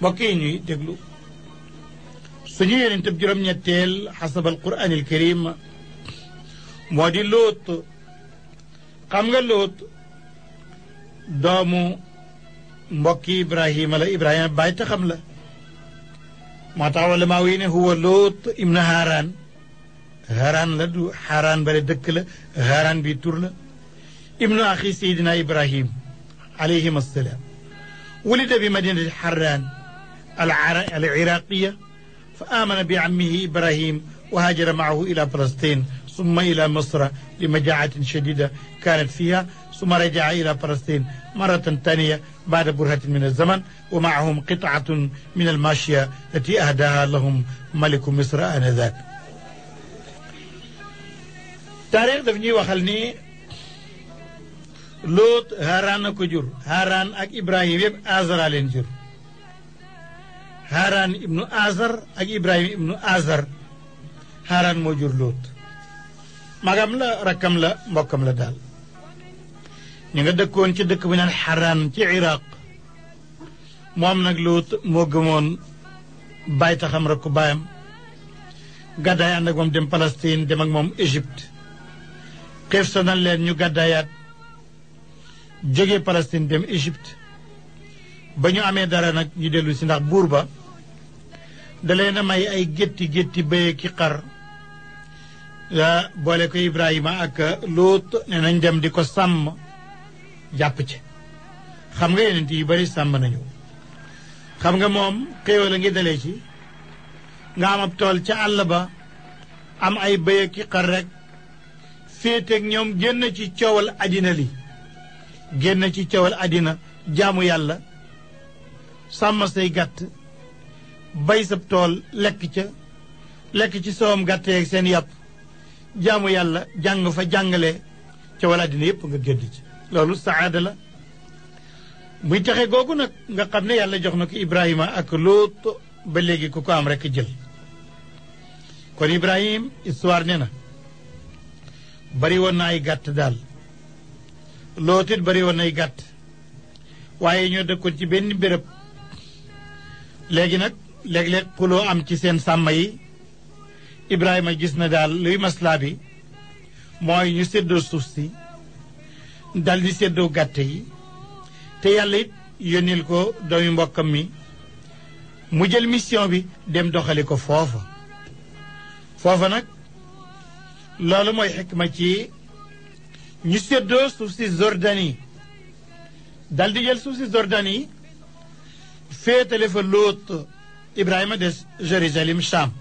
mbokk yi ñuy déglu suñu yeneen tëb juróom-ñetteel xasabal quraanil karim moo di lóot xam nga lóot doomu mbokki ibrahima la ibrahima bàyyi ta xam la moo tax wala maa wii ne huwa la du haaraan bare dëkk la haaraan bi tur la ibnu axi sayidina ibrahim alayhim assalaam wulida bi madinati harraan العراقية فآمن بعمه إبراهيم وهاجر معه إلى فلسطين ثم إلى مصر لمجاعة شديدة كانت فيها ثم رجع إلى فلسطين مرة ثانية بعد برهة من الزمن ومعهم قطعة من الماشية التي أهداها لهم ملك مصر آنذاك taarix daf ñuy waxal ni Lóot Haaraan a ko jur Haaraan ak Ibrahima yëpp Azra leen jur Haaraan ibnu Azar ak ibrahim ibnu Azar Haaraan moo jur Lóot magam la rakkam la mbokkam la daal ñu nga dëkkoon ci dëkk bu naan Haaraan ci Iraq moom nag Lóot moo gëmoon baay taxam rakku baayam gàddaay ànd ak moom dem Palestine demak moom Égypte xeef sonal leen ñu gàddaayaat jóge Palestine dem Égypte ba ñu amee dara nag ñu dellu si ndax buur ba da leen a may ay gétti gétti béye ki xar boole ko Ibrahima ak Luut ne nañ dem di ko sàmm jàpp ci xam nga yeneen yu bari sàmm nañu xam nga moom xéewal a ngi dalee ci nga am ab tool ca àll ba am ay béye ki xar rek féeteeg ñoom génn ci coowal àddina li génn ci coowal àddina jaamu yàlla sàmm say gàtt bay sab tool lekk ca lekk ci soowam gàtteeg seen yàpp jaamu yàlla jàng fa jàngale ca wala dina yëpp nga gédd ci loolu saada aadala muy taxe googu nag nga xam ne yàlla jox na ko ibraahima ak Luut ba léegi ku ko am rekk jël kon Ibrahim histoire ne na bariwoon woon na ay gàtt daal Luut it bari ay gàtt waaye ñoo dëkkoon ci benn béréb léegi nag léeg-léeg xuloo am ci seen sàmm yi Ibrahima gis na daal luy maslaa bi mooy ñu séddoo suuf si daldi di séddoo gàtt yi te yàlla it yónnil ko doomi mbokkam mi mu jël mission bi dem doxali ko foofa foofa nag loolu mooy xikma ci ñu seddoo suuf si Jordanie dal di jël suuf si Jordanie féetale fa Lóot Ibrahima des Jérusalem Cham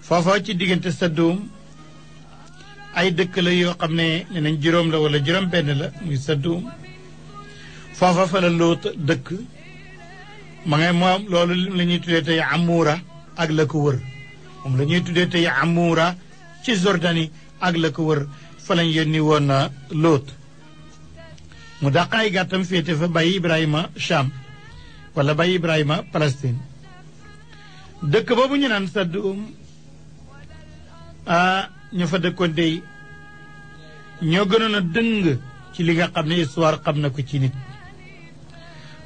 foofa ci diggante Sadduum ay dëkk la yoo xam ne ne nañ juróom la wala juróom benn la muy Sadduum foofa fa la Lóot dëkk ma ngay moom loolu lim la ñuy tuddee tey Amuura ak la ko wër moom la ñuy tuddee tey Amuura ci Jordani ak la ko wër fa lañ yónni woon Lóot mu dàq ay gàttam féete fa bàyyi Ibrahima Cham wala bay Ibrahima Palestine dëkk boobu ñu naan sadd um ah ñu fa dëkkoon dey ñoo gënoon a dëng ci li nga xam ne histoire xam na ko ci nit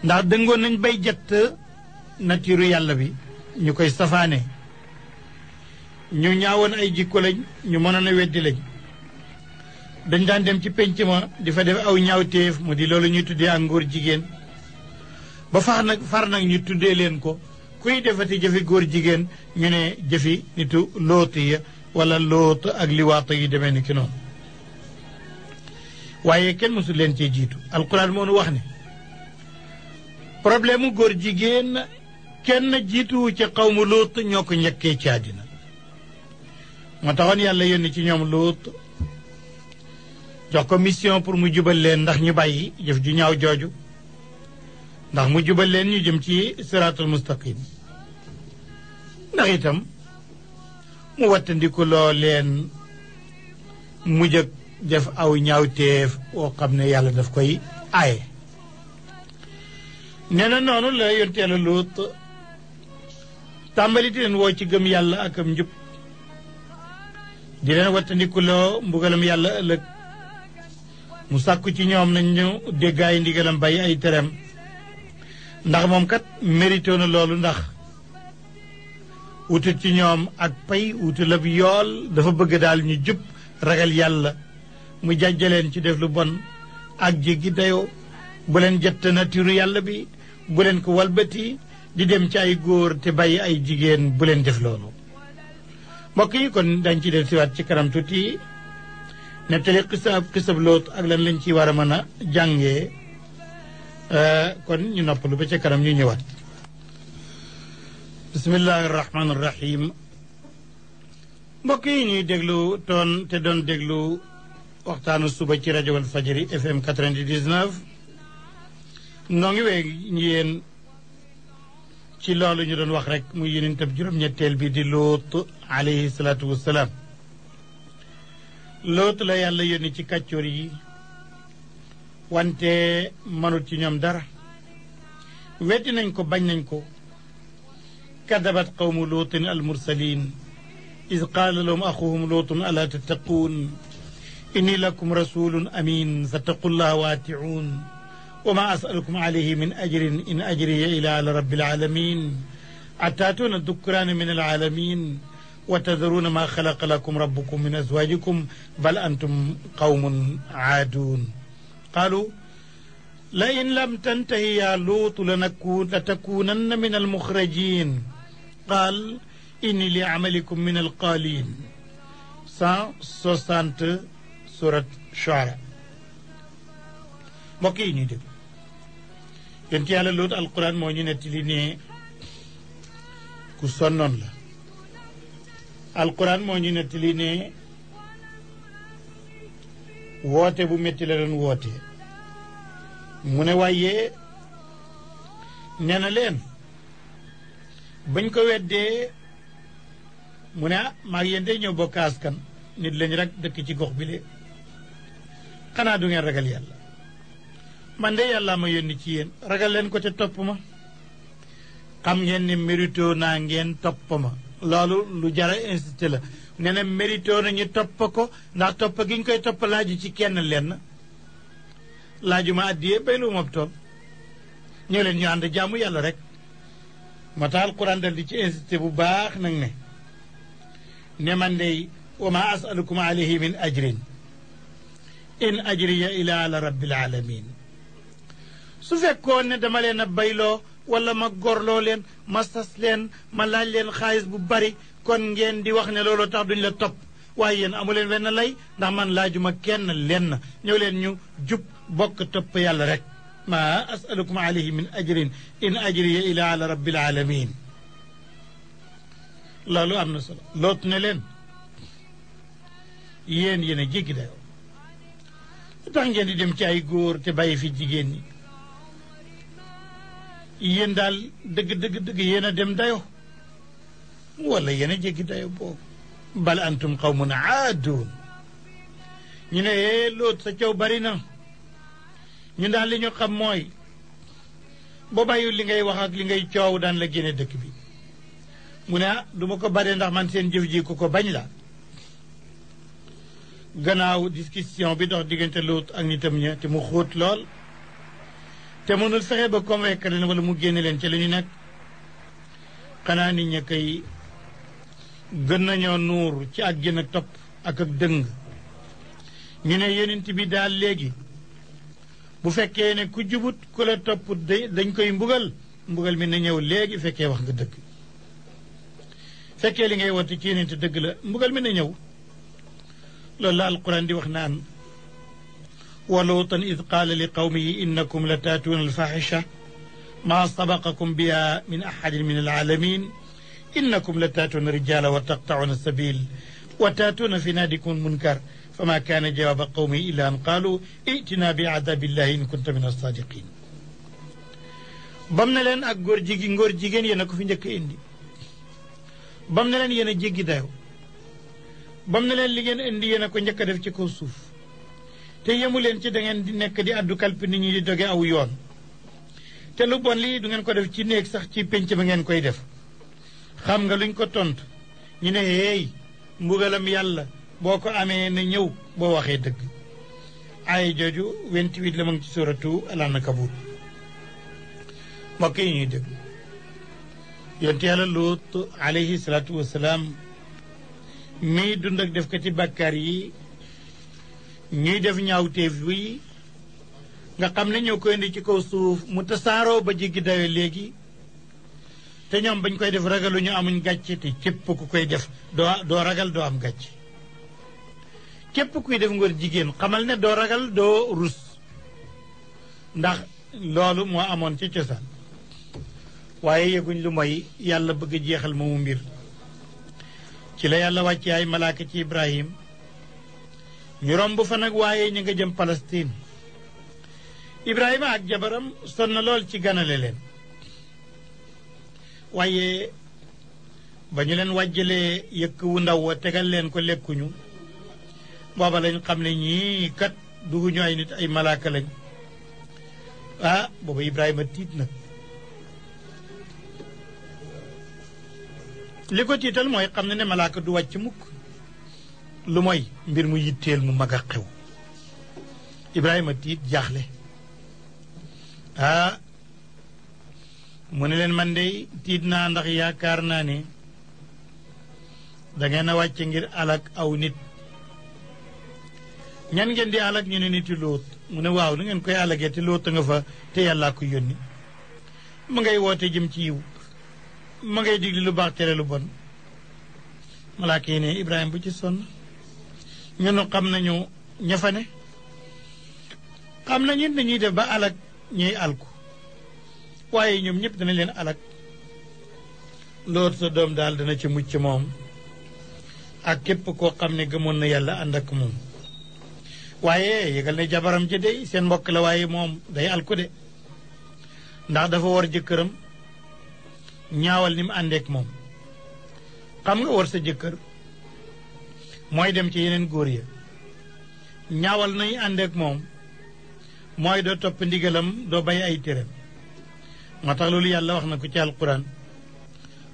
ndax dëngoon nañ bay jett natiiru yàlla bi ñu koy safaane ñu ñaawoon ay jikko lañ ñu mënoon a weddi lañ dañ daan dem ci pénc ma di fa def aw ñaawteef mu di loolu ñuy tuddee ak ngóor jigéen ba far nag far nag ñu tuddee leen ko kuy defati jëfi góor jigéen ñu ne jëfe nitu loot ya wala loot ak liwaat yi demee ni ki waaye kenn mësul leen cee jiitu alquran moo nu wax ni problème mu góor jigéen kenn jiituwu ci xawmu loot ñoo ko njëkkee ci àddina moo taxoon yàlla yónni ci ñoom loot jox ko mission pour mu jubal leen ndax ñu bàyyi jëf ju ñaaw jooju ndax mu jubal leen ñu jëm ci siraatul mustaqim ndax itam mu wattandiku loo leen mujj ak def aw ñaawteef woo xam ne yàlla daf koy aaye nee na noonu la yonteela luut tàmbali leen woo ci gëm yàlla ak am njub di leen wattandiku loo mbugalam yàlla ëllëg mu sàkku ci ñoom nañ ñu déggaay ndigalam bàyyi ay tereem ndax moom kat mérité loolu ndax wutal ci ñoom ak pay wutal ab yool dafa bëgg daal ñu jub ragal yàlla mu jàjjaleen ci def lu bon ak jéggi dayoo bu leen na natiru yàlla bi bu leen ko walbati di dem ci ay góor te bàyyi ay jigéen bu leen def loolu mbokk yi kon dañ ci def siwaat ci kanam tuuti nettali xisab xisab loot ak lan lañ ci war a mën a jàngee Eh, kon ñu noppalu ba ca kanam ñu ñëwaat bismillahi rahmaani rahim mbokk yi ñuy déglu toon te doon déglu waxtaanu suba ci rajo wal fajiri fm 99 noo ngi wee yéen ci loolu ñu doon wax rek muy yeneen tab juróom-ñetteel bi di luut alayhi salaatu wassalaam luut la yàlla yónni ci kàccoor yi wante mënut ci ñoom dara weddi nañ ko bañ nañ ko kadabat qawmu luutin al mursalin id qaala lahum axuhum luutun alaa tattaquun inni lakum rasulun amin fattaqullaha waaticuun wa maa asalukum alayhi min ajrin in ajriya ila ala rabbil alamin ataatuuna dukraana min al alamin wa tadaruuna maa xalaqa lakum rabbukum min azwaajikum bal antum qawmun aaduun qaalu la in lam tantahi yaa luutu latakuunanna min almuxrajiin qaal inni li amalikum min alqaaliin cent soixante surat Shuara mbokk yi ñuy dégg yonent yàlla Luut alquran moo ñu nettali ne ku sonnoon la alquran moo ñu nettali ne woote bu métti la doon woote mu ne waaye nee na leen bañ ko weddee mu ne ah maa ngi yéen day ñëw bokk kan nit leen rek dëkk ci gox bi le xanaa du ngeen ragal yàlla man de yàllaa ma yónni ci yéen ragal leen ko te topp ma xam ngeen ne mérito naa ngeen topp ma loolu lu jara insisté la nee na mérito nañu topp ko ndax topp gi ñu koy topp laaju ci kenn lenn laajuma addiyee béy lu moom ñoo leen ñu ànd jàmm yàlla rek moo tax alquran dal di ci insisté bu baax nag ne ne man dey wa ma asalukum alayhi min ajrin in ajriya ila ala rabbil alamin su fekkoon ne dama leen a bayloo wala ma gorloo leen ma sas leen ma laaj leen xaalis bu bari kon ngeen di wax ne looloo tax duñ la topp waaye yéen amu leen wenn lay ndax man laajuma kenn leen ñëw leen ñu jub bokk topp yàlla rek ma asalukum alayhi min ajrin in ajriya ila ala rabbil alamin am na solo loot ne leen yéen yéen a jéggi dayoo tax ngeen di dem ci ay góor te bàyyi fi jigéen ñi yéen daal dëgg dëgg dëgg yéen a dem dayo wala yéen a jéggi dayo boobu bal antum qawmun aaduun ñu ne ee eh, loot sa caw bari na ñun daal li ñu xam mooy boo bàyyiwul li ngay wax ak li ngay coow daan la génne dëkk bi mu ne ah du ko baree ndax man seen jëf ji ko ko bañ la gannaaw discussion bi dox diggante Luut ak nitam ña te mu xóot lool te mënul fexe ba convaincre leen wala mu génne leen ci li ñu nekk xanaa nit ña koy gën nañoo nuur ci ak gën ak topp ak ak dëng ñu ne yonent bi daal léegi bu fekkee ne ku jubut ku la topp dañ koy mbugal mbugal mi na ñëw léegi fekkee wax nga dëgg fekkee li ngay woote ci yeneen te dëgg la mbugal mi ñëw loolu la alquran di wax naan wa luutan id qaala li qawmihi innakum la taatuuna alfaxisha maa sabaqakum biha min axadin min alaalamin innakum la taatuuna rijaala wa taqtauna sabil wa taatuuna fi naadikum munkar fa maa kaana jawaaba qawmihi illa an qaalu itina bi aadabillahi in kunta min alsaadiqin bam na leen ak góor jigi ngóor jigéen yéen a ko fi njëkk indi bam na leen yéen a jéggi dayo bam na leen li ngeen indi ak ko njëkk a def ci kaw suuf te yemu leen ci da ngeen di nekk di addu kalpi nit ñi di doge aw yoon te lu bon lii du ngeen ko def ci néeg sax ci pénc ba ngeen koy def xam nga luñ ko tontu ñu ne hey mbugalam yàlla boo ko amee na ñëw boo waxee dëgg ay jooju 28 la ma ngi ci suratu al-Ankabut mbokk yi ñuy dëgg yonte yàlla Luut alayhi dund ak def ko ci bàkkaar yi ñuy def ñaawteef wi nga xam ne ñoo koy indi ci kaw suuf mu tasaaroo ba jéggi dayo léegi te ñoom bañ koy def ragalu ñu amuñ gàcce te cépp ku koy def doo doo ragal doo am gàcce képp kuy def ngor jigéen xamal ne doo ragal doo rus ndax loolu moo amoon ci cosaan waaye yëguñ lu moy yàlla bëgg a jeexal moomu mbir ci la yàlla wàcce ay malaaka ci Ibrahim ñu romb fa nag waaye ñu nga jëm Palestine Ibrahima ak jabaram sonn lool ci ganale leen waaye ba ñu leen wàjjalee yëkk wu ndaw wa tegal leen ko lekkuñu booba lañ xam ne ñii kat duguñu ay nit ay malaaka lañ ah booba Ibrahima tiit na li ko tiital mooy xam ne ne malaaka du wàcc mukk lu moy mbir mu yitteel mu mag a xew Ibrahima tiit jaaxle ah mu ne leen man de tiit naa ndax yaakaar naa ne da ngeen a wàcc ngir alak aw nit ñan ngeen di alak ñu ne nit yi lóot mu ne waaw nu ngeen koy alagee te lóot a nga fa te yàllaa ko yónni mu ngay woote jëm ci yiw ma ngay digli lu baax tere lu bon malaaka yi ne Ibrahima bu ci sonn ñunu xam nañu ña fa ne xam nañu dañuy def ba alak ñuy alku waaye ñoom ñëpp dana leen alak loolu sa doom daal dana ci mucc moom ak képp koo xam ne gëmoon na yàlla ànd ak moom waaye yëgal ne jabaram ji day seen mbokk la waaye moom day alkude ndax dafa war jëkkëram ñaawal ni mu àndeek moom xam nga war sa jëkkër mooy dem ci yeneen góor ya ñaawal nañu àndeek moom mooy doo topp ndigalam doo bay ay téram moo tax loolu yàlla wax na ko ci alquran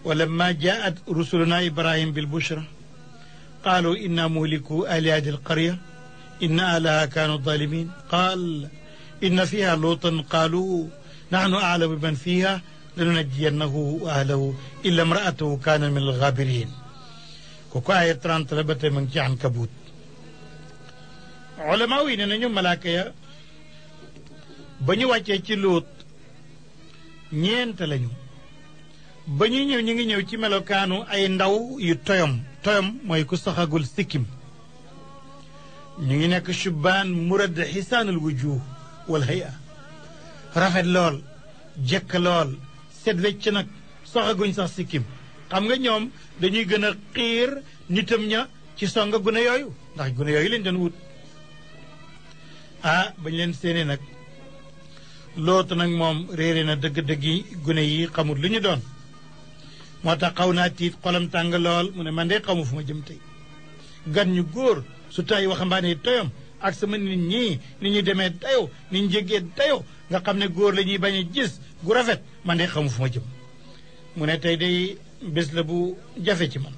wala ma jaat rusuluna ibrahim bil bushra qaalu inna muhliku ahli qarya إن أهلها كانوا ظالمين قال إن فيها لوطا قالوا نحن أعلم بمن فيها لننجينه وأهله إلا امرأته كان من الغابرين kooku aaya 30 la ba tey ma ngi ci Ankabut ulamaa yi ne nañu malaaka ya ba ñu wàccee ci lóot ñeent lañu ba ñuy ñëw ñu ngi ñëw ci melokaanu ay ndaw yu toyom toyom mooy ku saxagul sikkim ñu ngi nekk chubbaan murad xisaanal wujuh wal haya rafet lool jekk lool set wecc nag soxaguñ sax sikkim xam nga ñoom dañuy gën a xiir nitam ña ci songa gune yooyu ndax gune yooyu leen doon wut ah bañ leen séenee nag lootu nag moom réere na dëgg-dëgg gune yi xamut lu ñu doon moo tax xaw naa tiit xolam tàng lool mu ne man de xamu fu ma jëm tey gan ñu góor surtout ay waxambaane yu toyom ak sama nit ñi ni ñu demee dayo ni ñu jéggee dayo nga xam ne góor lañuy bañ a gis gu rafet man de xamu fu ma jëm mu ne tey day bés la bu jafe ci man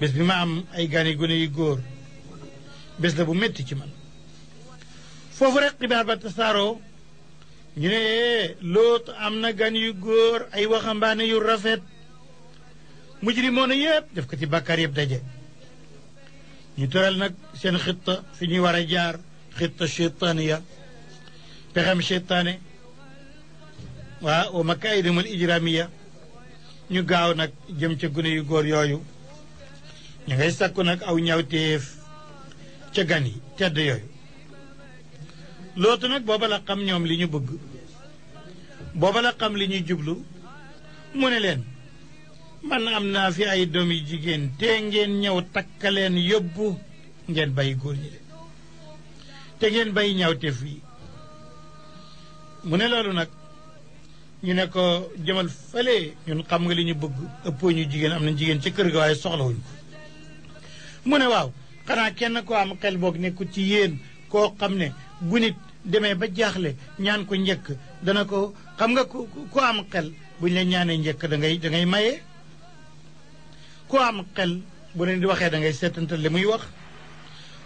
bés bi ma am ay gane gone yu góor bés la bu métti ci man foofu rek xibaar ba tasaaroo ñu ne loot am na gan yu góor ay waxambaane yu rafet mujrimoon yépp def ko ci bàkkaar yëpp daje ñu tëral nag seen xitta fi ñuy war a jaar xitta cheytaaniya pexem cheytaane waaw wa makaayidam al ijramiya ñu gaaw nag jëm ca gune yu góor yooyu ñu ngay sàkku nag aw ñawteef ca gan yi tedd yooyu lootu nag booba la xam ñoom li ñu bëgg booba la xam li ñuy jublu mu ne leen man am naa fi ay doom yu jigéen te ngeen ñëw takkaleen yóbbu ngeen bay góor ñi de te ngeen bàyyi ñaawteef yi mu ne loolu nag ñu ne ko jëmal fale ñun xam nga li ñu bëgg ëppoo ñu jigéen am nañ jigéen ci kër ga waaye soxlawuñ ko mu ne waaw xanaa kenn ko am xel boog nekku ci yéen koo xam ne bu nit demee ba jaaxle ñaan ko njëkk dana ko xam nga ko am xel buñ la ñaanee njëkk da ngay da ngay maye ku am xel bu leen di waxee da ngay seetantal li muy wax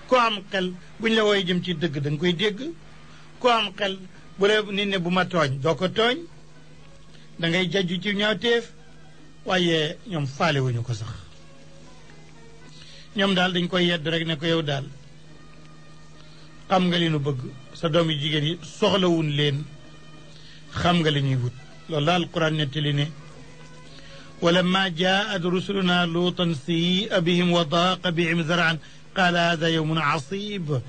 ku am xel bu ñu la wooyee jëm ci dëgg da koy dégg ku am xel bu la nit ne bu ma tooñ doo ko tooñ dangay jaju jajju ci ñaawteef waaye ñoom faale wuñu ko sax ñoom daal dañ koy yedd rek ne ko yow daal xam nga li nu bëgg sa doom jigéen yi soxlawun leen xam nga li ñuy wut loolu daal Alxuraan nettali ne ولما جاءت رسلنا لوطا سيء بهم وضاق بهم ذرعا قال هذا يوم عصيب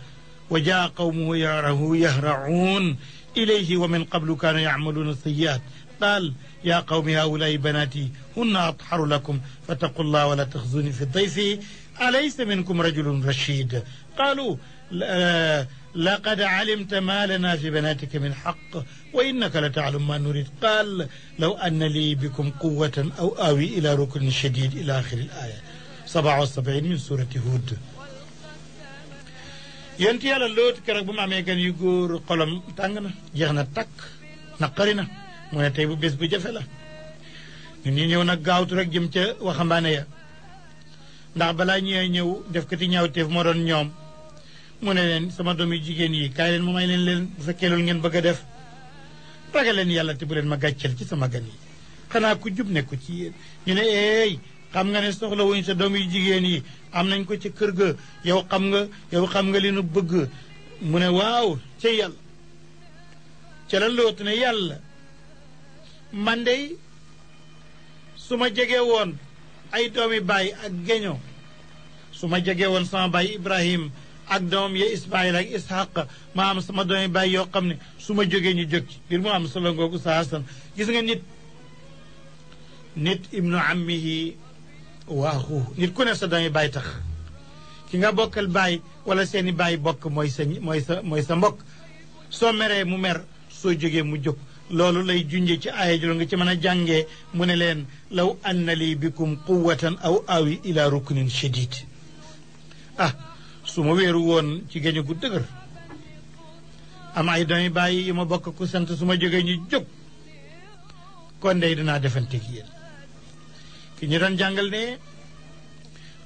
وجاء قومه يعره يهرعون إليه ومن قبل كانوا يعملون السيئات قال يا قوم هؤلاء بناتي هن أطهر لكم فاتقوا الله ولا تخزوني في ضيفي أليس منكم رجل رشيد قالوا laqad alimta ma lana fi banatika min xaq wa la taalam ma nurid qaal law anna lii bikum quwatan aw aawi ila ruknin shadid ila axiri l aaya sabaa wa sabiin min surati bu mu amee gan yu góor xolam tàng na jeex na takk naqari na mu ne tey bu bés bu jafe la ñun ñu ñëw nag gaawtu rek jëm ca waxambaane ya ndax balaa ñuy ñëw def ko ti ñaawteef ñoom mu ne leen sama doom yu jigéen yi kaay leen mu may leen bu fekkee loolu ngeen bëgg a def ragal leen yàlla te bu leen ma gàcceel ci sama gan yi xanaa ku jub nekku ci yéen ñu ne eey xam nga ne soxla wuñu sa doom yu jigéen yi am nañ ko ci kër ga yow xam nga yow xam nga li nu bëgg mu ne waaw ca yàlla ca la lootu ne yàlla man dey su ma jege woon ay doomi baay ak geño su ma jegee woon sama baay Ibrahim ak doom ya Ismaayil ak Ishaq ma am sama doomi baay yoo xam ne su ma jógee ñu jóg ci ngir mu am solo ngoogu sa Hasan gis nga nit nit ibnu ammihi wa axuhu nit ku ne sa doomi baay tax ki nga bokkal baay wala seeni baay bokk mooy sa mooy sa mbokk soo meree mu mer soo jógee mu jóg loolu lay junje ci aaya jolo nga ci mën a jàngee mu ne leen law anna lii bikum quwatan aw awi ila ruknin shadid ah, su ma wéeru woon ci géño gu dëgër am ay doomi bàyyi yu ma bokk ku sant su ma jógee ñu jóg kon dey dinaa defanteeg yéen ki ñu doon jàngal ne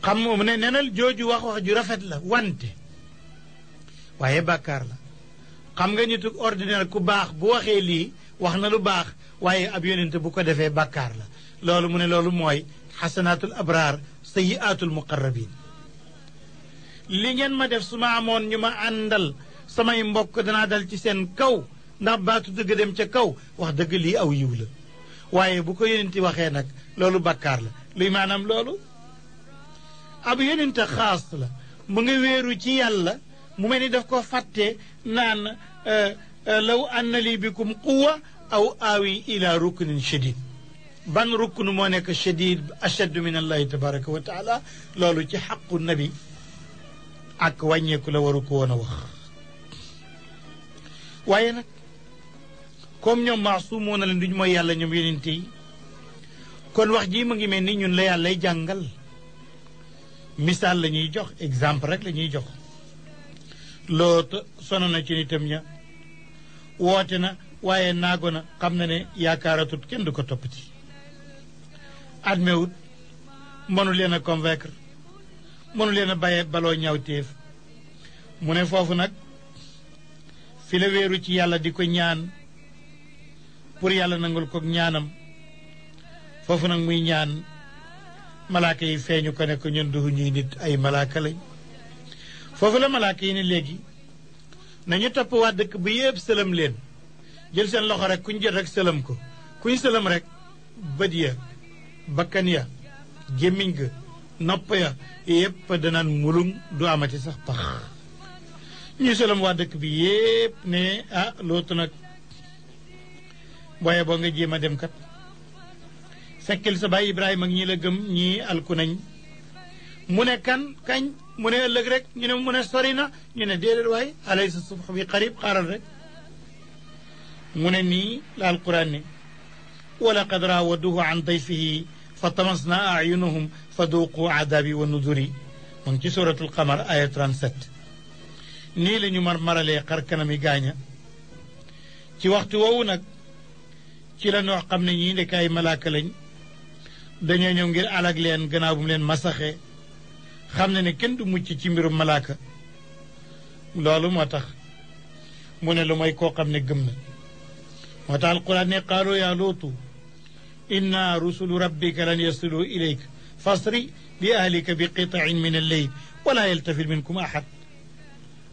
xam mu ne nenal jooju wax wax ju rafet la wante waaye bàkkaar la xam nga nitu ordinaire ku baax bu waxee lii wax na lu baax waaye ab yonent bu ko defee bàkkaar la loolu mu ne loolu mooy xasanaatul abraar sayyiaatul muqarrabin li ngeen ma def su ma amoon ñu ma àndal samay mbokk danaa dal ci seen kaw ndax baatu dëgg dem ca kaw wax dëgg lii aw yiw la waaye bu ko yonenti waxee nag loolu bakkaar la luy maanaam loolu ab yonente xaas la mu ngi weeru ci yàlla mu mel ni def ko fàtte naan euh, euh, law anna li bikum aw aawi ila ruknin shadid ban rukn moo nekk shadid ashaddu min allahi tabaraka wa taala loolu ci xaqu nabi ak wàññeeku la waru ko a wax waaye nag comme ñoom maasumoo na leen duñu mooy yàlla ñoom yonent yi kon wax jii mu ngi mel ni ñun la yàllay jàngal misaal la ñuy jox exemple rek lañuy jox loot sono na ci nitam ña woote na waaye naago na xam na ne yaakaaratut kenn du ko toppati admewut mënu leen a convaincre mënu leen a baye baloo ñawteef mu ne foofu nag fi la wéeru ci yàlla di ko ñaan pour yàlla nangul ko ñaanam foofu nag muy ñaan malaaka yi feeñu ko ne ko ñun du ñuy nit ay malaaka lañ foofu la malaaka yi ne léegi nañu topp waa dëkk bu yépp sëlëm leen jël seen loxo rek kuñ jël rek sëlëm ko kuñ sëlëm rek bët ya bakkan ya gémmiñ ga nopp ya yépp danaan mulum du amati sax pax ñu solom waa dëkk bi yépp ne ah lootu nag booye nga jéem a dem kat sekkil sa baay Ibrahima ak ñi la gëm ñii alku nañ mu ne kan kañ mu ne ëllëg rek ñu ne mu ne sori na ñu ne déedéet waaye alaysa subh bi qarib xaaral rek mu ne nii la alquran ne wa laqad raawaduhu an dayfihi fa tamasna ayunahum fa duuqu adabi wa nuduri mu ci suratul qamar aya 37 nii la ñu mar maralee xar kanami gaaña ci waxtu woowu nag ci la noo xam ne ñii ndekk ay malaaka lañ dañoo ñëw ngir alag leen gannaaw bu mu leen xam ne ne kenn du mucc ci mbirum malaaka loolu moo tax mu ne lu mooy koo xam ne gëm na moo tax alquran ne qaalu yaa lootu inna rusulu rabbika lan yasulu ilayka fasri bi ahlika bi qita'in min alleyl wala yaltafit minkum ahad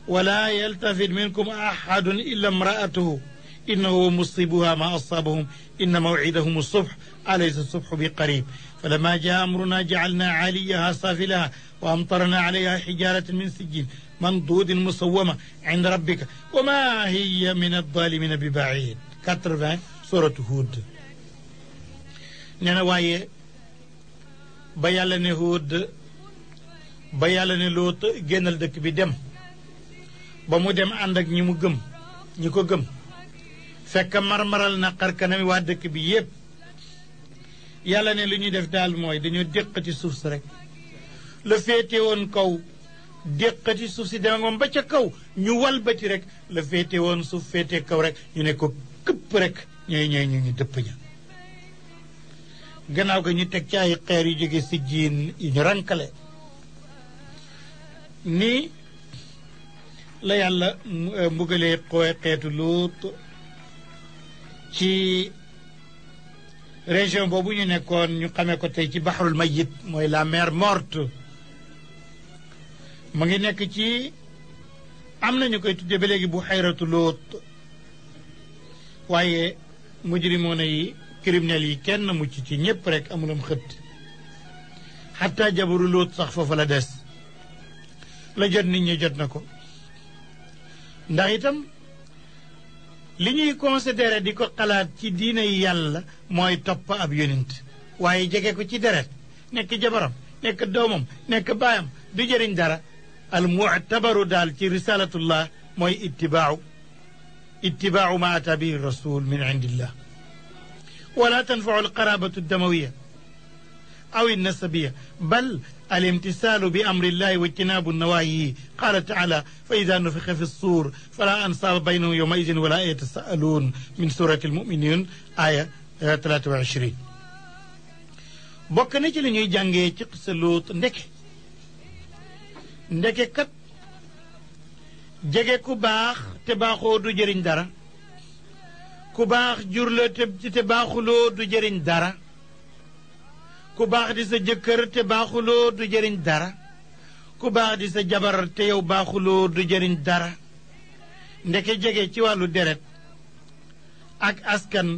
wala yaltafit minkum ahadun illa imra'atuhu innahu musibuha ma asabahum inna maw'idahum as-subh alaysa as-subhu bi qarib فلما جاء أمرنا جعلنا عاليها سافلها وأمطرنا عليها حجارة من سجيل منضود مسومة عند ربك وما هي من الظالمين ببعيد 80 سورة هود nee na waaye ba yàlla ne Huud ba yàlla ne loo Luut génnal dëkk bi dem ba mu dem ànd ak ñi mu gëm ñi ko gëm fekk marmaral na xar kanami waa dëkk bi yépp yàlla ne li ñuy def daal mooy dañu déqati suuf si rek la féete woon kaw déqati suuf si deme moom ba ca kaw ñu walbati rek la féete woon suuf féete kaw rek ñu ne ko këpp rek ñooy ñooy ñu ñu dëpp ña gannaaw ga ñu teg ci xeer yu jóge si jiin yu ñu rankale nii la yàlla eh, xeetu luut ci région boobu ñu nekkoon ñu xamee ko tey ci baxarul mayit mooy la mer morte mu ngi nekk ci am nañu koy tudde ba léegi bu xayratu luut waaye mujrimoona yi criminel yi kenn mucc ci ñépp rek amulam xët xataa jabaru lóot sax foofa la des la jot nit ñi jot na ko ndax itam li ñuy considéré di ko xalaat ci diina diine yàlla mooy topp ab yonent waaye jege ko ci deret nekk jabaram nekk doomam nekk baayam du jëriñ dara al mu'tabaru daal ci risalatullah mooy ittibaaw ittibaaw ma ata bihi min indillah ولا تنفع القرابة الدموية أو النسبية بل الامتثال بأمر الله واجتناب نواهيه قال تعالى فإذا نفخ في الصور فلا أنصاب بينهم يومئذ ولا يتساءلون من سورة المؤمنين آية 23 bokk na ci li ñuy jàngee ci xisa Luut ndeke ndeke kat jege ku baax te baaxoo du jëriñ dara ku baax jur la te te baaxuloo du jëriñ dara ku baax di sa jëkkër te baaxuloo du jëriñ dara ku baax sa jabar te yow baaxuloo du jëriñ dara ndeke jege ci wàllu deret ak askan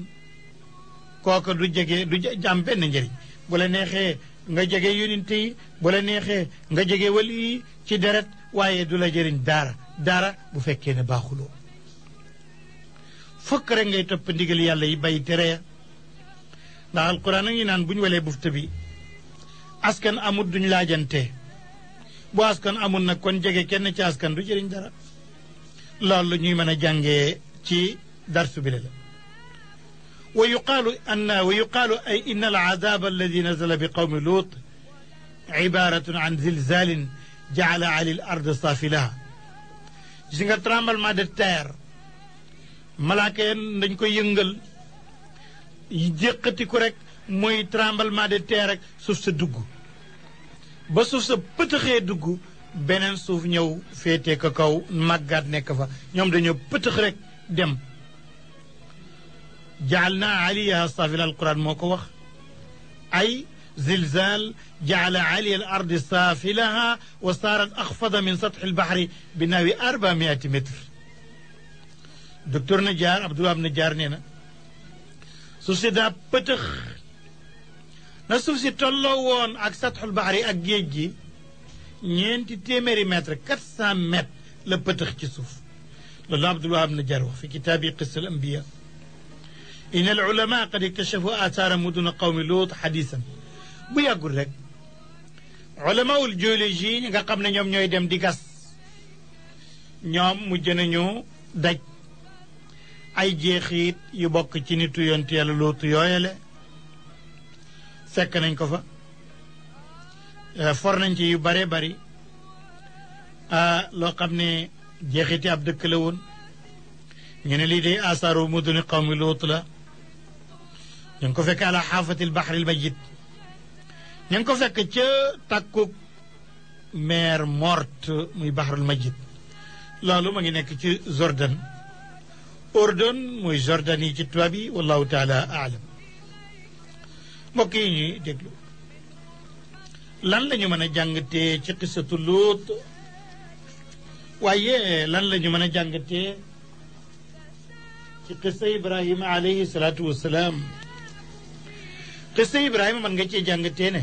kooka du jege du am njëriñ bu la neexee nga jege yonent yi bu la neexee nga jege wali yi ci deret waaye du la jëriñ dara dara bu fekkee ne baaxuloo fokk rek ngay topp yàlla yi bay tere ndax alquran a ngi naan bu ñu walee bufta bi askan amut duñ laajante bu askan amul na kon jege kenn ci askan du jëriñ dara loolu ñu mën a jàngee ci darsu bi la wa yuqaalu ay inna al azaab alladi nazala bi qawmi luut ibaratun an zilzalin jaala ali l ard malaaka yeen dañ koy yëngal jéqati ko rek mooy tremblement de terre rek suuf sa dugg ba suuf sa pëtëxee dugg beneen suuf ñëw féete ko kaw màggaat nekk fa ñoom dañoo pëtëx rek dem jaal na aliyaha safila alquran moo ko wax ay zilzal jaala aliya al ardi saafilaha wa saarat axfada min satxi albahri bi nawi 400 mètre docteur Nadiar Abdou Wahab Nadiar nee na suuf si daa pëtëx na suuf si tolloo woon ak satxul baxari ak géej gi ñeenti téeméeri mètre quatre cent mètres la pëtëx ci suuf loolu Abdou Wahab Nadiar wax fi kitaabi qissa al anbiya in al ulama qad iktashafu aathaara muduna qawmi luut xadisan bu yàggul rekk ulamaul géologie ñi nga xam ne ñoom ñooy dem di gas ñoom mujj nañu daj ay jeexit yu bokk ci nitu yonent yàlla lootu yooyale fekk nañ ko fa eh, for nañ ci yu bare bari ah, loo xam ne jeexiti ab dëkk la woon ñu ne lii day asaaru muduni qawmi luut la ñu ngi ko fekk ala xaafatil baxril majid ñu ngi ko fekk ca takkuk mer morte muy baxrul majid loolu ma ngi nekk ci Jordan ordon mooy jordan yi ci tubaab yi wallahu taala aalam mbokk yi ñuy déglu lan la ñu mën a jàngatee ci xisatu luut waaye lan la ñu mën a jàngatee ci xisa ibrahima alayhi salaatu wasalaam xisa ibrahima mën nga cee jàngatee ne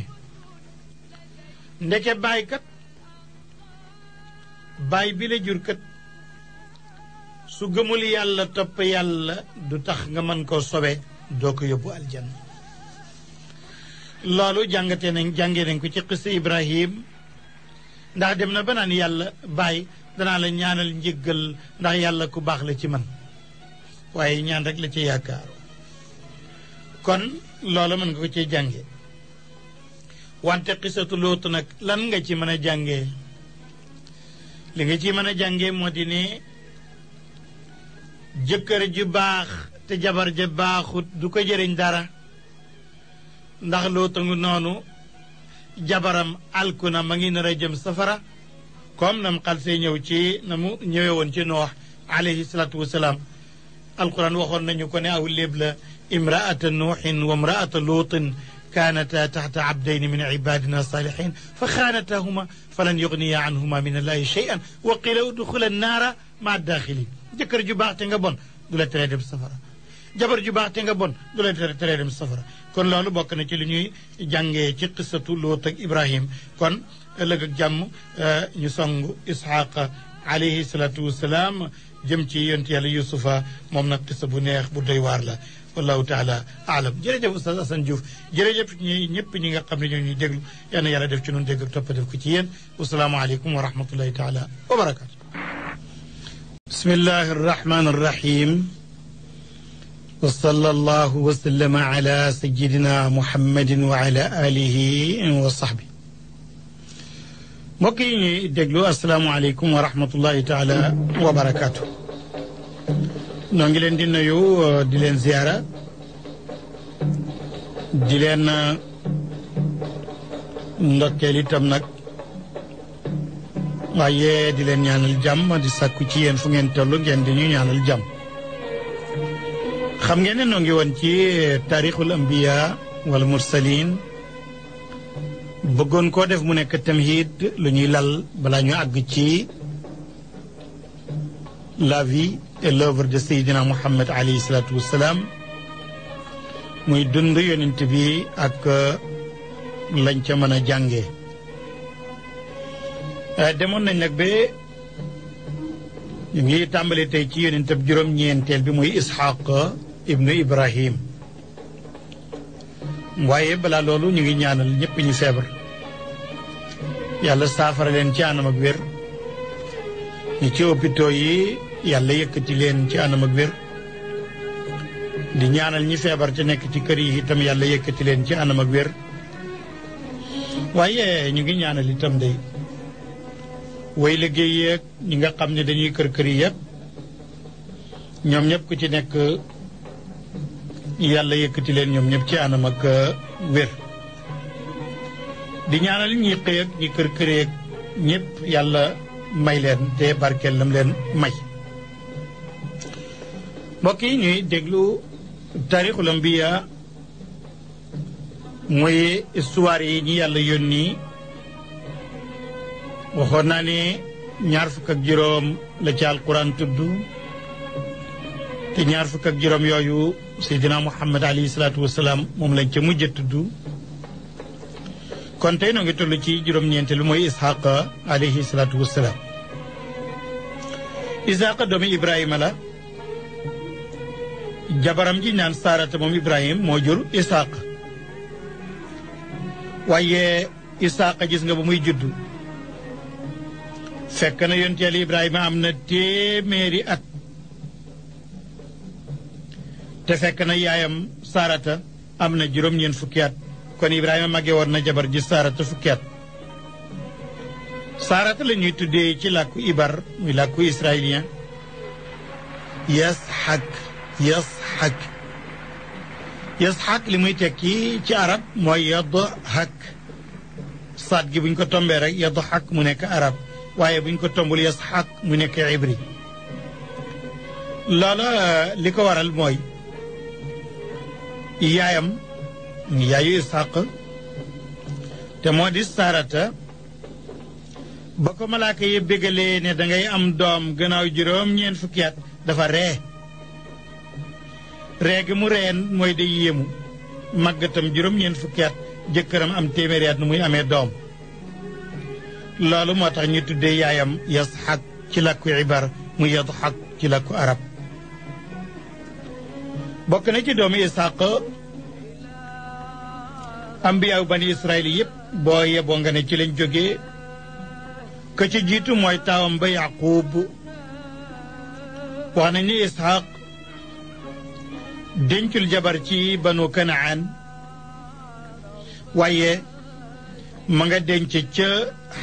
ndeke baay kat baay bi la jur kat su gëmul yàlla topp yàlla du tax nga mën koo sobe doo ko yóbbu aljanna loolu jàngatee nañ jàngee nañ ko ci xisa Ibrahim ndax dem na banaan yàlla bàyyi danaa la ñaanal njëggal ndax yàlla ku baax la ci man waaye ñaan rek la ci yaakaar kon loola mën nga ko ci jànge wante xisatu lootu nag lan nga ci mën a jàngee li nga ci mën a jàngee moo di ne jëkkër ji baax te jabar ja baaxut du ko jëriñ dara ndax loo tëngu noonu jabaram alkuna ma ngi nar a jëm safara comme nam xalsee ñëw ci na mu ñëwee woon ci noox alayhi salaatu wasalaam alquran waxoon nañu ko ne aw léeb la imraata nuuxin wa imraata luutin kaanata taxta abdayni min ibadina saalihin fa xaanatahuma falan yugniya anhuma min allahi cheyan wa qila udxula annaara ma daaxilin jëkkër ju baax te nga bon du la teree dem safara jabar ju baax te nga bon du la teree dem safara kon loolu bokk na ci li ñuy jàngee ci qisatu Luut ak Ibrahim kon ëllëg ak jàmm euh, ñu song Isxaaqa alayhi salaatu wasalaam jëm ci yonent yàlla Yuusufa moom nag qisa bu neex bu doy waar la wallahu taala aalam jërëjëf Oustaz Assane Diouf jërëjëf ñi ñëpp ñi nga xam ne ñoo ñuy déglu yal na def ci nun dégg ak ku ci yéen wasalaamu aleykum wa rahmatullahi taala wa barakaatu bismillahi arrahmani irrahim wa sala allahu wasallama ala sayidina muhammadin wa ala alihi wa saxbi mbokk yi ñuy déglu asalaamualeykum wa rahmatullahi taala wa barakaatu noo ngi leen di nuyu di leen ziyaara di leen ndokkeel itam nag waaye di leen ñaanal jàmm di sàkku ci yéen fu ngeen toll ngeen di ñuy ñaanal jàmm xam ngeen ne noo ngi woon ci taarixul ambiya wala mursalin bëggoon koo def mu nekk tamhid lu ñuy lal balaa ñu àgg ci la vie et l'œuvre de Seydina Muhammad alayhi wassalaam muy dund yonent bi ak lañ ca mën a jàngee Euh, demoon nañ nag ba ñu ngi tàmbali tey ci yonentab juróom-ñeenteel bi muy Isxaaq ibnu Ibrahim waaye balaa loolu ñu ngi ñaanal ñëpp ñu feebar yàlla saafara leen ci anam ak wér ñi ci hôpitaux yi yàlla yëkkati leen ci anam ak wér di ñaanal ñi feebar te nekk ci kër yi itam yàlla yëkkati leen ci anam ak wér waaye ñu ngi ñaanal itam day way liggéey ñi nga xam ne dañuy kër kër yi ñoom ñëpp ku ci nekk yàlla yëkkati leen ñoom ñëpp ci anam ak euh, wér di ñaanal ñi xëy ak ñi kër kër yeeg ñëpp yàlla may leen te barkeel leen may mbokk yi ñuy déglu taarixul ambiya mooy histoire yi ñi yàlla yónni waxoon naa ne ñaar fukk juróom la ci alquran tudd te ñaar fukk ak juróom yooyu seydina muhammad alayhi salaatu wasalaam moom lañ ca mujj a tudd kon ngi toll ci juróom-ñeente mooy isxaqa alayhi salaatu doomi ibrahima la jabaram ji naan saarata moom ibrahim moo jur isxaq waaye isxaqa gis nga ba muy juddu fekk na yonent Yàlla Ibrahima am na téeméeri at te fekk na yaayam Sarata am na juróom-ñeent fukki kon Ibrahima mage woon na jabar ji Sarata fukki at lañuy la tuddee ci làkku Ibar muy làkku israélien yasxak yasxak yasxak li muy tekki ci arab mooy yadxak saat gi buñ ko tombee rek yadxak mu nekk arab waaye buñ ko tombul yes yasxaq mu nekk ibri loola li ko waral mooy yaayam yaayu isxaq te moo di sarata ba ko malaaka yi bégalee ne dangay am doom gannaaw juróom-ñeent fukki at dafa ree ree gi mu reen mooy day yéemu màggatam juróom-ñeent fukki jëkkëram am téeméeri at nu muy amee doom loolu moo tax ñu tuddee yaayam yasxaq ci làkku ibar mu yadxaq ci lakk arab bokk na ci doomu isxaq ambiyaaw bani israil yëpp boo yeboo nga ne ci lañ joge ka ci jiitu mooy taawam ba yaqub wax nañ ni isxaq dencul jabar ci banu kanaan waaye ma nga denc ca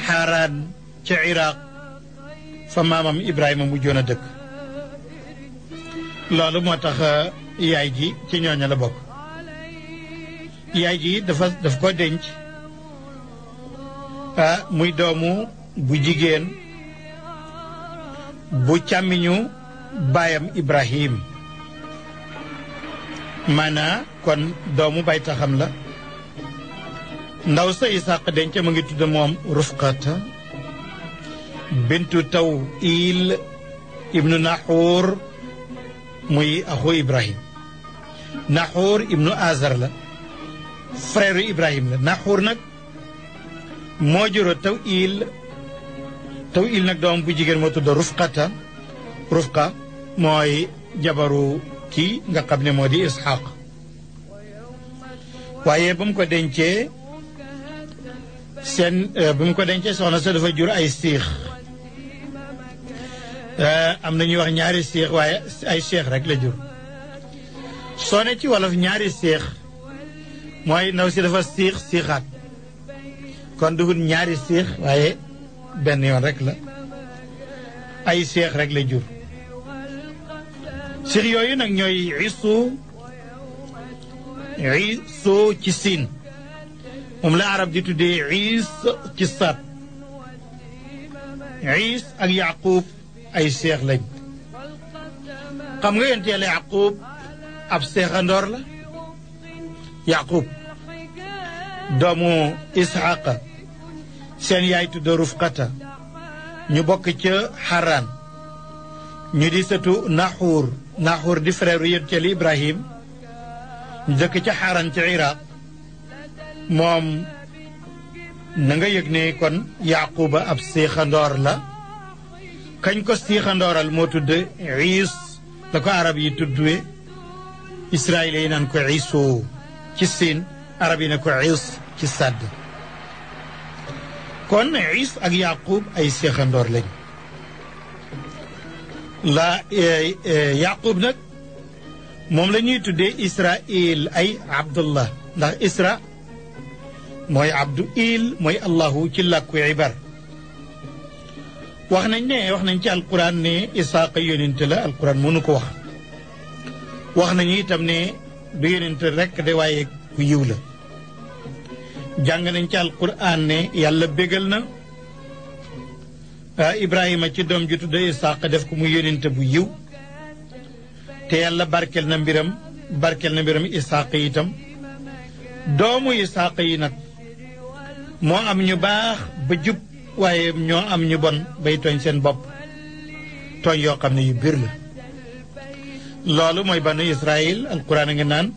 xaaraan ca iraq fa maamam ibrahima mujjoon a dëkk loolu moo tax uh, yaay ji ci ñooña la bokk yaay ji dafa daf ko denc ah muy doomu bu jigéen bu càmmiñu baayam ibrahim maanaa kon doomu bay taxam la ndaw sa isaq denc ma ngi tudd moom rufqata bintu taw il ibnu naxuur muy axu ibrahim naxuur ibnu azar la frère ibrahim la naxuur nag moo juróo taw il taw il nag doom bu jigéen moo tudd rufqata rufqa mooy jabaru ki nga xam ne moo waaye ba mu ko dencee seen eh, bi mu ko dencee soxna sa dafa jur ay siix eh, am na ñuy wax ñaari siix waaye ay seex rek la jur soo ne ci wolof ñaari siix mooy ndaw si dafa siix siixaat kon dugul ñaari siix waaye benn yoon rek la ay seex rek la jur siix yooyu nag ñooy isu isu ci siin moom la arab di tuddee iis ci sat iis ak yaqub ay seex lañ xam nga yonent yàlla ab seexandoor la doomu isxaqa seen yaay tudd rufqata ñu bokk ca xaraan ñu di sëtu naxuur naxuur di frère yonent yàlla ibrahim ñu dëkk ca xaraan ca iraq moom na nga yëg ne kon yaquba ab siixandoor la kañ ko siixandooral moo tudd iis la ko arab yi tudduwe israel yi naan ko iisoo ci siin arab yi ne ko iis ci sàdd kon iis ak yaqub ay siixandoor lañ la eh, eh, yaqub nag moom la ñuy tuddee israil ay abdullah ndax isra mooy abdu il mooy allahu ci làkku ibar wax nañ ne wax nañ ci alquran ne isaaq yónent la alquran mënu ko wax wax nañu itam ne du yónent rekk de waaye ku yiw la jàng nañ ci alquran ne yàlla bégal na ah, ibrahima ci doom ju tudd isaaq def ko mu yónent bu yiw te yàlla barkel na mbiram barkel na mbiram isaaq itam doomu isaaq yi nag moo am ñu baax ba jub waaye ñoo am ñu bon bay tooñ seen bopp tooñ yoo xam ne yu biir la loolu mooy banu israil alquran a nga naan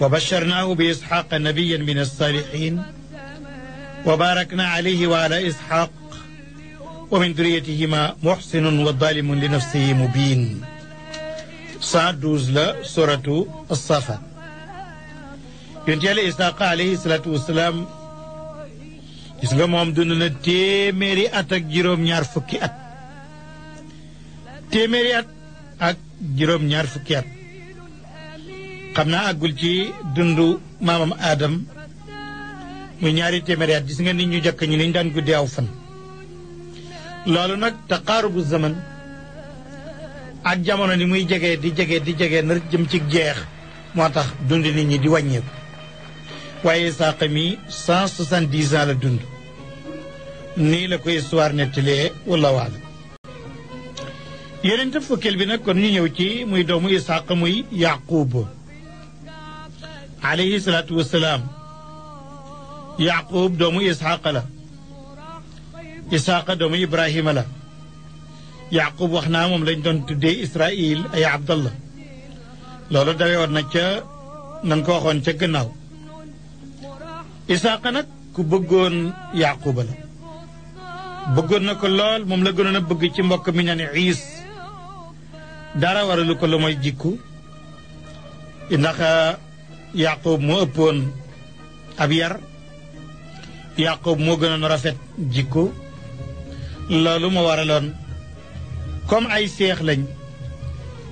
wa basharnaahu bi isxaqa nabiyan min alsaalixin wa baarakna alayhi wa ala isxaq wa min duriyatihima muxsinun wa dalimun li nafsihi mubin 112 la suratu alsafat yonent yàlla Isaaqa alayhi salaatu wasalaam gis nga moom dund na téeméeri at ak juróom-ñaar fukki at téeméeri at xam naa àggul ci dundu maamam Adam muy ñaari téeméeri at gis nga nit ñu jëkk ñu niñ daan guddee aw fan loolu nag taqaarubu zaman ak jamono ni muy jege di jege di jege na jëm ci jeex moo tax dund nit ñi di wàññeeku waaye Isaaqa mi cent soixante dix ans la dund nii la ko histoire nettalee wala waala yonente fukkeel bi nag kon ñu ñëw ci muy doomu Isaaqa muy Yaquub alayhi salaatu wasalaam Yaquub doomu Isaaqa la Isaaqa doomu Ibrahima la Yaquub wax naa moom lañ doon tuddee Israil ay Abdallah loolu dawee woon na ca nan ko waxoon ca gannaaw Isaaqa nag ku bëggoon Yaquba la bëggoon na ko lool moom la gënoon a bëgg ci mbokk mi ñu ne Iis dara waralu ko la mooy jikko ndax euh, Yaqub moo ëppoon ab yar Yaqub moo gënoon rafet jikko loolu ma waraloon comme ay seex lañ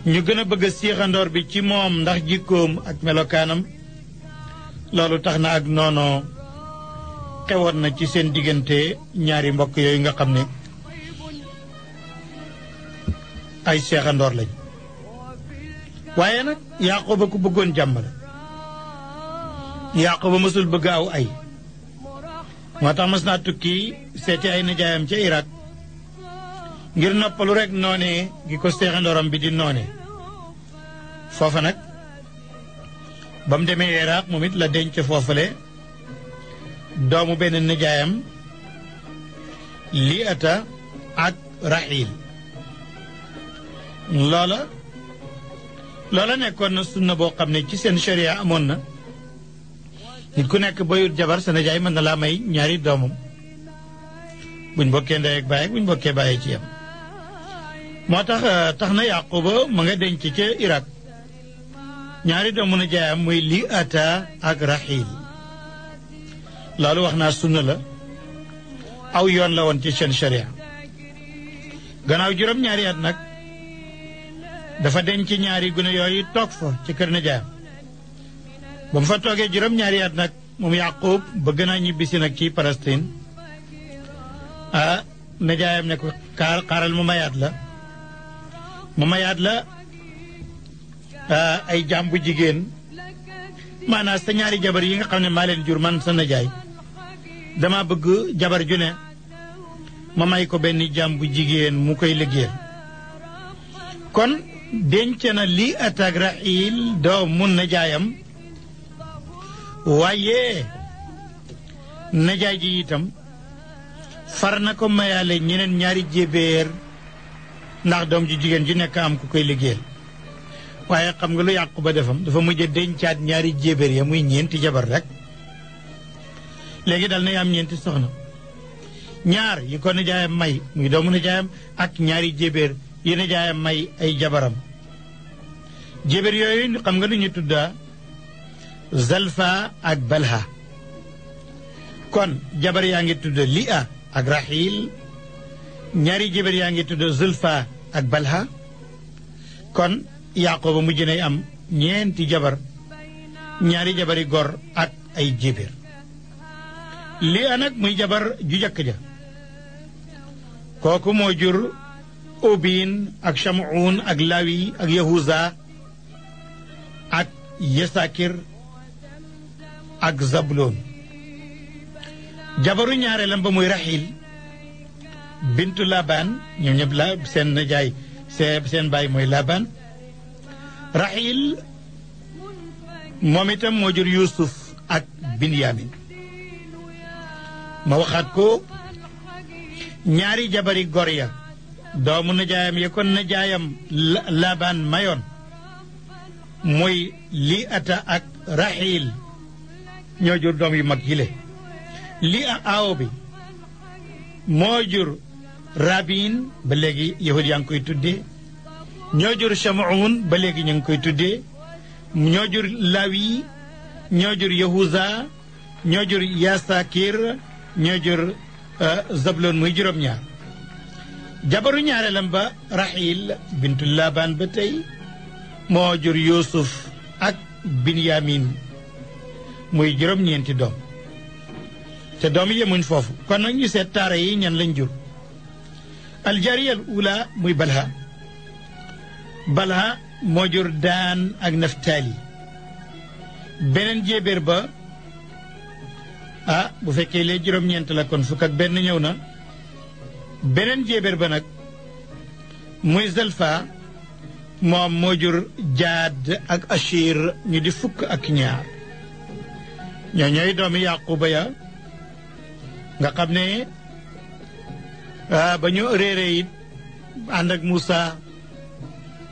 ñu gën a bëgg a seexandoor bi ci moom ndax jikkoom ak melokaanam loolu tax na ak noonoo xewoon na ci seen diggante ñaari mbokk yooyu nga xam ni ay seexandoor lañ waaye nag Yaaqooba ku bëggoon jàmm la Yaaqooba mësul bëgg aw ay moo tax mës naa tukki seeti ay nijaayam ca Irak ngir noppalu rek noonee gi ko seexandooram bi di noonee foofa nag ba mu demee Iraq moom it la denc foofale doomu benn nijaayam liata ak rahil loola loola nekkoon na sunna boo xam ne ci seen sharia amoon na nit ku nekk bayut jabar sa nijaay mën na laa may ñaari doomam buñ bokkee ndey ak baay buñ bokkee bàyyi ci yam moo tax tax na Yaquba ma nga denc ca Irak ñaari doomu na jaayam muy li ata ak raxiil loolu wax naa sunna la aw yoon la woon ci seen sharia gannaaw juróom-ñaari nag dafa ci ñaari gune yooyu toog fa ci kër na jaayam ba mu fa toogee juróom-ñaari nag moom yàquub bëgg naa ñibbisi nag ci Palestine ah na ne ko xaaral mu mayaat la mu mayaat la Ah, ay jaam bu jigéen maanaam sa ñaari jabar yi nga xam ne maa leen jur man sa najaay dama bëgg jabar ju ne ma may ko benn jaam bu jigéen mu koy liggéeyal kon denc na lii attaque raxiil doomu najaayam waaye najaay ji itam far na ko mayaale ñeneen ñaari jébéer ndax doom ju jigéen ju nekk am ku koy liggéeyal waaye xam nga lu yàqu ba defam dafa mujj dencaat ñaari jébbéer ya muy ñeenti jabar rek léegi dal na am ñeenti soxna ñaar yi ko na jaayam may muy doomu na jaayam ak ñaari jébbéer yi na jaayam may ay jabaram jébbéer yooyu xam nga nu ñu tudda zalfa ak balha kon jabar yaa ngi tudd lia ak rahil ñaari jébér yaa ngi tudd zulfa ak balha kon yaqooba mujj nay am ñeenti jabar ñaari jabari gor ak ay jébér lia nag muy jabar ju jëkk ja kooku moo jur obiin ak shamuun ak lawi ak yahuza ak yasakir ak zabloon jabaru ñaareelam ba muy raxiil bintu labaan ñoom ñëpp la seen jaay seen baay mooy labaan raxiil moom itam moo jur yuusuf ak binyamin ma waxaat ko ñaari jabari gorya doomu najaayam ya kon najaayam labaan mayoon muy lii ata ak raxiil ñoo jur doom yu mag yile lii a aaw bi moo jur rabin ba léegi yahud yaa ngi koy ñoo jur Chamuun ba léegi ñu ngi koy tuddee ñoo jur Lawi ñoo jur Yahuza ñoo jur Yasakir ñoo jur euh, Zabloon muy juróom-ñaar jabaru ñaareelam ba Rahil bintu laban ba tey moo jur Yuusuf ak Binyamin muy juróom-ñeenti doom te doom yi yemuñ foofu kon nag ñu seet taara yi ñan lañ jur aljariyal ula muy Balha balaa moo jur daan ak naftaali beneen jébér ba a ah, bu fekkee lee juróom-ñeent la kon fukk ak benn ñëw na beneen jéebéer ba nag muy zalfa moom moo jur jaad ak ashir ñu di fukk ak ñaar ñoo ñooy doomi yaquba ya nga xam ne ah, ba ñu réere it ànd ak Moussa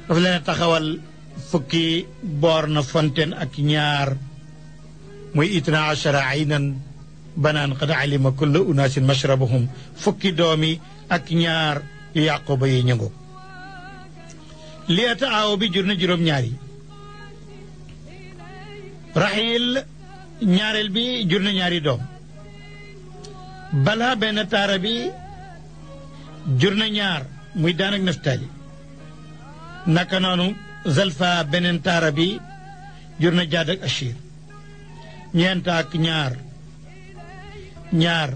dafa leen taxawal fukki boor na fontaine ak ñaar muy itna achara aynan banaan qad alima kullu unaasin mashrabahum fukki doomi ak ñaar yu yàquba yi ñëngu liata aaw bi jur na juróom-ñaar raxiil ñaareel bi jur na ñaari doom balaa benn taara bi jur na ñaar muy daan ak naka noonu zalfa beneen taara bi jur na jaad ak achir ñeent ak ñaar ñaar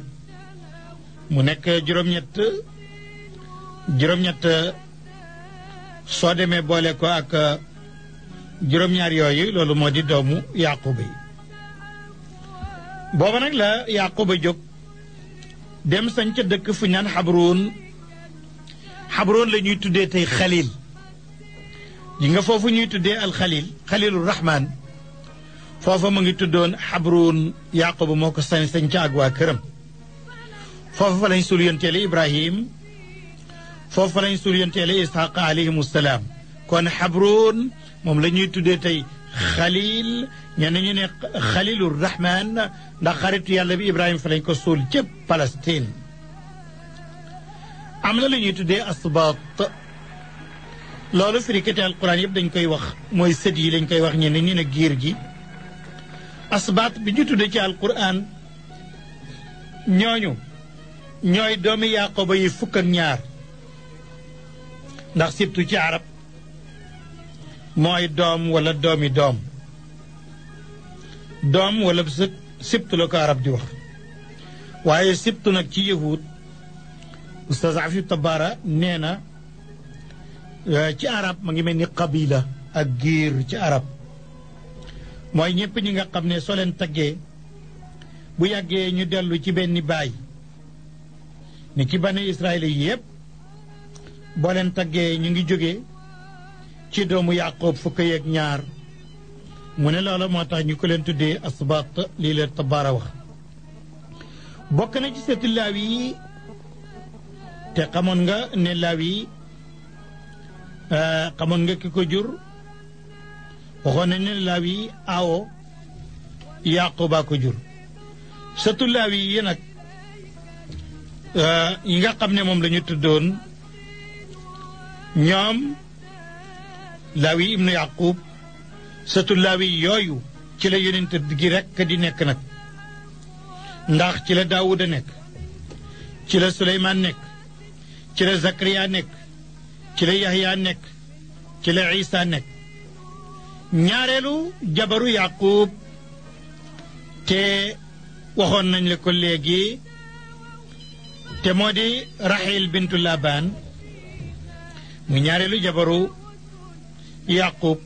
mu nekk juróom-ñett soo demee boole ko ak juróom-ñaar yooyu loolu moo di doomu yaquba yi booba nag la yaquba jóg dem sañ ca dëkk fu ñaan xabroon xabroon la ñuy tuddee tey xalil yi nga foofu ñuy tuddee alxalil xalilu rahmaan foofa mu ngi tuddoon xabruun yaqubu moo ko sañ sañ ca këram foofa fa lañ suul yonteele ibrahim foofa fa lañ suul yonteele isxaqa alayhim salaam kon xabruun moom la ñuy tuddee tey xalil ñenn ñu ne xalilu rahmaan ndax xaritu yàlla bi ibrahim fa lañ ko suul ca Palestine am na la ñuy tuddee asbaat loolu firikati alquran yëpp dañ koy wax mooy sët yi lañ koy wax ñenn ñi ne giir gi asbaat bi ñu tuddee ci alquran ñooñu ñooy doomi yaakoba yi fukk ak ñaar ndax surtout ci arab mooy doom wala doomi doom doom wala sët sibtu la ko arab di wax waaye sibtu nag ci yahuud ustaz Afif Tabara nee na Eh, ci arab ma ngi mel ni qabila ak giir ci arab mooy ñëpp ñi nga xam ne soo leen taggee bu yàggee ñu dellu ci benn baay ni ci bani israel yi yëpp boo leen taggee ñu ngi jóge ci doomu yaqub fukk yeeg ñaar mu ne loola moo tax ñu ko leen tuddee asbaat lii la tabaara wax bokk na ci seeti yi te xamoon nga ne laaw yi Euh, xamoon nga ki ko jur waxoon na ne laaw yi awo yaaquba ko jur sëtu laaw yi nag euh, yi nga xam ne moom lañu ñu tuddoon ñoom laaw yi ibnu yaqub sëtu laaw yooyu ci la yonent gi rekk di nekk nag ndax ci la daawuda nekk ci la suleymaan nekk ci la zakariya nekk ci la Yaxya nekk ci la Isa nekk ñaareelu jabaru Yaqub te waxoon nañ la ko léegi te moo di Rahil bintu Laban mu ñaareelu jabaru Yaqub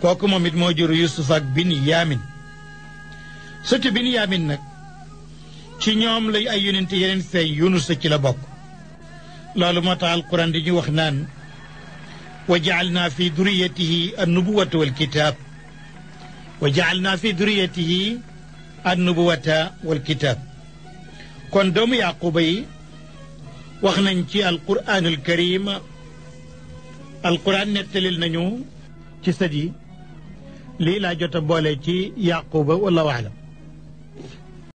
kooku moom it moo jur Yusuf ak Binyamin surtout Binyamin nag ci ñoom lay ay yonent yeneen feeñ Yunus ci la bokk loolu moo tax alquran di ñu wax naan wa jaalna fi duriyatihi an nubuwata wal kitaab wa jaal naa fi duriyatihi an nubuwata wal kitaab kon doomu yaquba yi wax nañ ci alquran al karim alquran nettalil nañu ci sadi lii laa jot a boole ci yaquba wallahu aalam